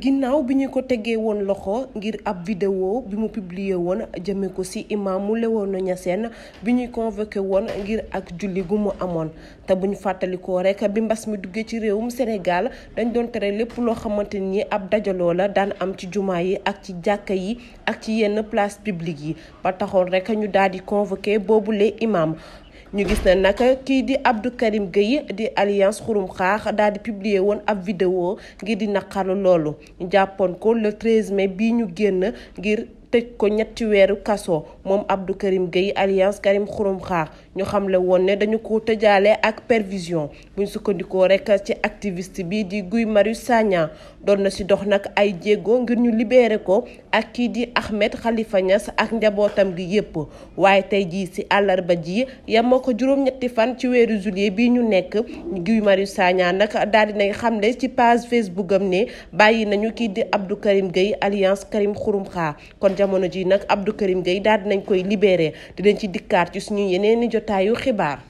ginnaaw bi ñu ko tegee woon loxo ngir ab vidéo bi mu publier woon jëme ko ci imaamu Léona Niassène bi ñuy convoqué woon ngir ak julli gu mu amoon te buñ fàttalikoo rek bi mbas mi duggee ci réewum Sénégal dañ doon tere lépp loo xamante ni ab dajaloo la daan am ci jumaa yi ak ci jàkka yi ak ci yenn place publique yi ba taxoon rek ñu daal di convoqué boobule imaam ñu gis na nag kii di Abdou Karim Gueye di alliance xurum xaax daal di publier woon ab vidéo ngir di naqaru loolu jàppoon ko le 13 mais bii ñu génn ngir. tëj ko ñetti weeru kaso moom Abdou Karim Gueye alliance Karim Xurum Xaar ñu xamle woon ne dañu ko tëjaale ak pervision buñ sukkandikoo rek ci activiste bi di Guy Marius Sagna doon na si dox nag ay jéego ngir ñu libeere ko ak kii di Ahmed Khalifa Niass ak njabootam gi yépp waaye tey jii si àllarba ji yemoo ko juróom-ñetti fan ci weeru juillet bii ñu nekk Guy Marius Sagna nag daal dinañ xamle ci page Facebook am ne bàyyi nañu kii di abdu Karim Gueye alliance Karim Xurum jamono ji nag Abdou Karim Gueye daal dinañ koy libéré dinañ ci dikkaat ci suñu yeneen i jotaayu xibaar